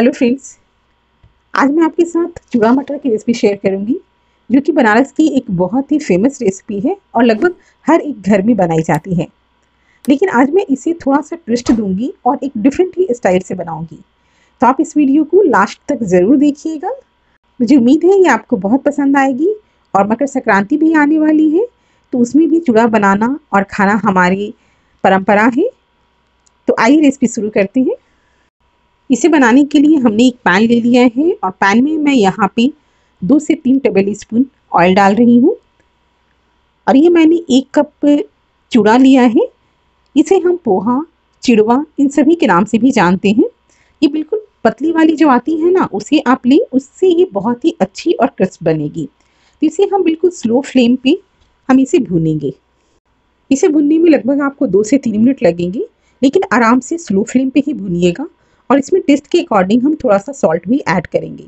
hello friends आज मैं आपके साथ चूड़ा मटर की रेसिपी शेयर करूंगी जो कि बनारस की एक बहुत ही फेमस रेसिपी है और लगभग हर एक घर में बनाई जाती है लेकिन आज मैं इसे थोड़ा सा ट्विस्ट दूंगी और एक डिफरेंट ही स्टाइल से बनाऊंगी तो आप इस वीडियो को लास्ट तक ज़रूर देखिएगा मुझे उम्मीद है ये आपको बहुत पसंद आएगी और मकर संक्रांति भी आने वाली है तो उसमें भी चूड़ा बनाना और खाना हमारी परम्परा है तो आइए रेसिपी शुरू करते हैं इसे बनाने के लिए हमने एक पैन ले लिया है और पैन में मैं यहाँ पे दो से तीन टेबल स्पून ऑयल डाल रही हूँ और ये मैंने एक कप चूड़ा लिया है इसे हम पोहा चिड़वा इन सभी के नाम से भी जानते हैं ये बिल्कुल पतली वाली जो आती है ना उसे आप लें उससे ये बहुत ही अच्छी और क्रिस्प बनेगी तो इसे हम बिल्कुल स्लो फ्लेम पे हम इसे भूनेंगे इसे भूनने में लगभग आपको दो से तीन मिनट लगेंगे लेकिन आराम से स्लो फ्लेम पे ही भूनिएगा और इसमें टेस्ट के अकॉर्डिंग हम थोड़ा सा सॉल्ट भी ऐड करेंगे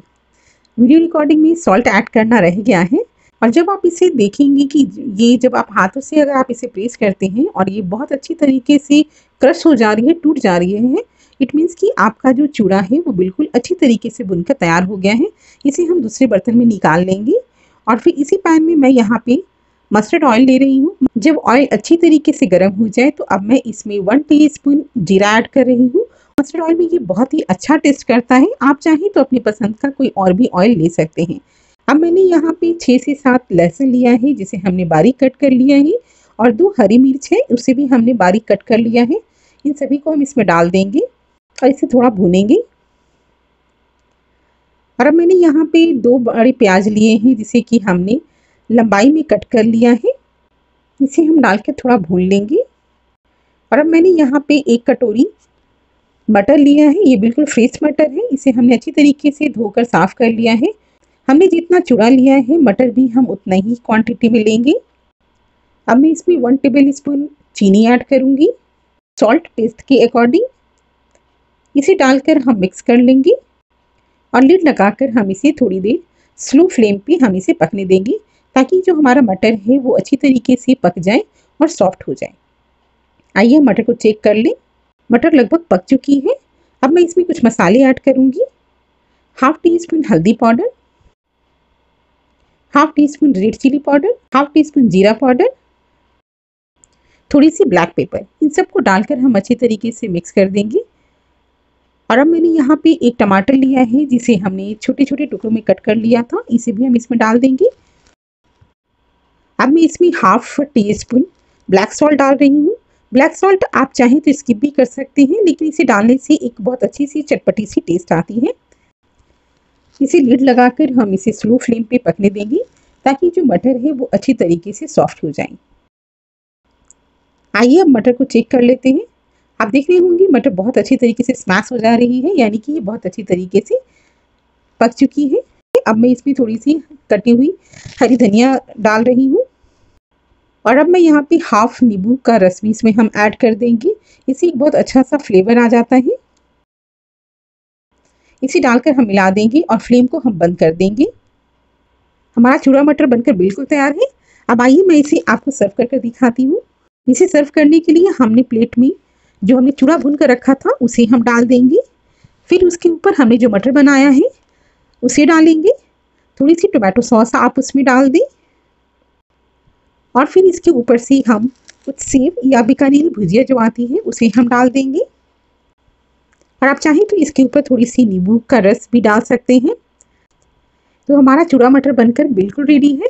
वीडियो रिकॉर्डिंग में सॉल्ट ऐड करना रह गया है और जब आप इसे देखेंगे कि ये जब आप हाथों से अगर आप इसे प्रेस करते हैं और ये बहुत अच्छी तरीके से क्रश हो जा रही है टूट जा रही है इट मीन्स कि आपका जो चूड़ा है वो बिल्कुल अच्छी तरीके से बुनकर तैयार हो गया है इसे हम दूसरे बर्तन में निकाल लेंगे और फिर इसी पैन में मैं यहाँ पे मस्टर्ड ऑयल ले रही हूँ जब ऑयल अच्छी तरीके से गर्म हो जाए तो अब मैं इसमें वन टी जीरा ऐड कर रही हूँ मस्टर्ड ऑयल में ये बहुत ही अच्छा टेस्ट करता है आप चाहें तो अपनी पसंद का कोई और भी ऑयल ले सकते हैं अब मैंने यहाँ पे छः से सात लहसुन लिया है जिसे हमने बारीक कट कर लिया है और दो हरी मिर्च है उसे भी हमने बारीक कट कर लिया है इन सभी को हम इसमें डाल देंगे और इसे थोड़ा भूनेंगे और अब मैंने यहाँ पे दो बड़े प्याज लिए हैं जिसे कि हमने लंबाई में कट कर लिया है इसे हम डाल के थोड़ा भून लेंगे और अब मैंने यहाँ पे एक कटोरी मटर लिया है ये बिल्कुल फ्रेश मटर है इसे हमने अच्छी तरीके से धोकर साफ कर लिया है हमने जितना चूड़ा लिया है मटर भी हम उतना ही क्वांटिटी में लेंगे अब मैं इसमें वन टेबल स्पून चीनी ऐड करूँगी सॉल्ट पेस्ट के अकॉर्डिंग इसे डालकर हम मिक्स कर लेंगे और लिड लगाकर हम इसे थोड़ी देर स्लो फ्लेम पे हम इसे पकने देंगे ताकि जो हमारा मटर है वो अच्छी तरीके से पक जाए और सॉफ्ट हो जाए आइए मटर को चेक कर लें मटर लगभग पक चुकी है अब मैं इसमें कुछ मसाले ऐड करूँगी हाफ टी स्पून हल्दी powder half teaspoon red chilli powder half teaspoon जीरा पाउडर थोड़ी सी ब्लैक पेपर इन सबको डालकर हम अच्छे तरीके से मिक्स कर देंगे और अब मैंने यहाँ पे एक टमाटर लिया है जिसे हमने छोटे छोटे टुकड़ों में कट कर लिया था इसे भी हम इसमें डाल देंगे अब मैं इसमें half teaspoon black salt डाल रही हूँ ब्लैक सॉल्ट आप चाहें तो स्किप भी कर सकते हैं लेकिन इसे डालने से एक बहुत अच्छी सी चटपटी सी टेस्ट आती है इसे लीड लगाकर हम इसे स्लो फ्लेम पे पकने देंगे ताकि जो मटर है वो अच्छी तरीके से सॉफ्ट हो जाए आइए अब मटर को चेक कर लेते हैं आप देख रहे होंगे मटर बहुत अच्छी तरीके से स्मैश हो जा रही है यानी कि ये बहुत अच्छी तरीके से पक चुकी है अब मैं इसमें थोड़ी सी कटी हुई हरी धनिया डाल रही हूँ और अब मैं यहाँ पे हाफ नींबू का रस भी इसमें हम ऐड कर देंगे इसी एक बहुत अच्छा सा फ्लेवर आ जाता है इसे डालकर हम मिला देंगे और फ्लेम को हम बंद कर देंगे हमारा चूड़ा मटर बनकर बिल्कुल तैयार है अब आइए मैं इसे आपको सर्व करके दिखाती हूँ इसे सर्व करने के लिए हमने प्लेट में जो हमने चूड़ा भून कर रखा था उसे हम डाल देंगे फिर उसके ऊपर हमने जो मटर बनाया है उसे डालेंगे थोड़ी सी टोमेटो सॉस आप उसमें डाल दें और फिर इसके ऊपर से हम कुछ सेब या बिकानेरी भुजिया जो आती है उसे हम डाल देंगे और आप चाहें तो इसके ऊपर थोड़ी सी नींबू का रस भी डाल सकते हैं तो हमारा चूड़ा मटर बनकर बिल्कुल रेडी है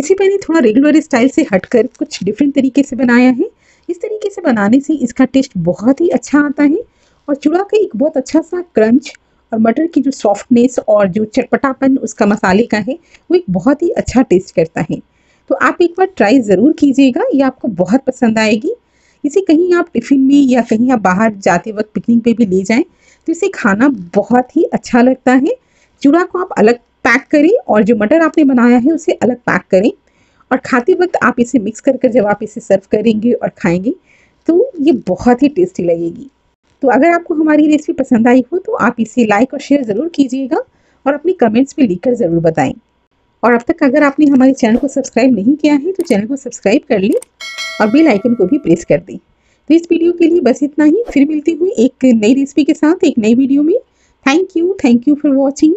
इसे मैंने थोड़ा रेगुलर स्टाइल से हटकर कुछ डिफरेंट तरीके से बनाया है इस तरीके से बनाने से इसका टेस्ट बहुत ही अच्छा आता है और चूड़ा का एक बहुत अच्छा सा क्रंच और मटर की जो सॉफ्टनेस और जो चटपटापन उसका मसाले का है वो एक बहुत ही अच्छा टेस्ट करता है तो आप एक बार ट्राई ज़रूर कीजिएगा ये आपको बहुत पसंद आएगी इसे कहीं आप टिफ़िन में या कहीं आप बाहर जाते वक्त पिकनिक पे भी ले जाएं तो इसे खाना बहुत ही अच्छा लगता है चूड़ा को आप अलग पैक करें और जो मटर आपने बनाया है उसे अलग पैक करें और खाते वक्त आप इसे मिक्स कर कर जब आप इसे सर्व करेंगे और खाएंगे तो ये बहुत ही टेस्टी लगेगी तो अगर आपको हमारी रेसिपी पसंद आई हो तो आप इसे लाइक और शेयर ज़रूर कीजिएगा और अपने कमेंट्स में लिखकर ज़रूर बताएं और अब तक अगर आपने हमारे चैनल को सब्सक्राइब नहीं किया है तो चैनल को सब्सक्राइब कर लें और बेल आइकन को भी प्रेस कर दें तो इस वीडियो के लिए बस इतना ही फिर मिलती हुई एक नई रेसिपी के साथ एक नई वीडियो में thank you thank you for watching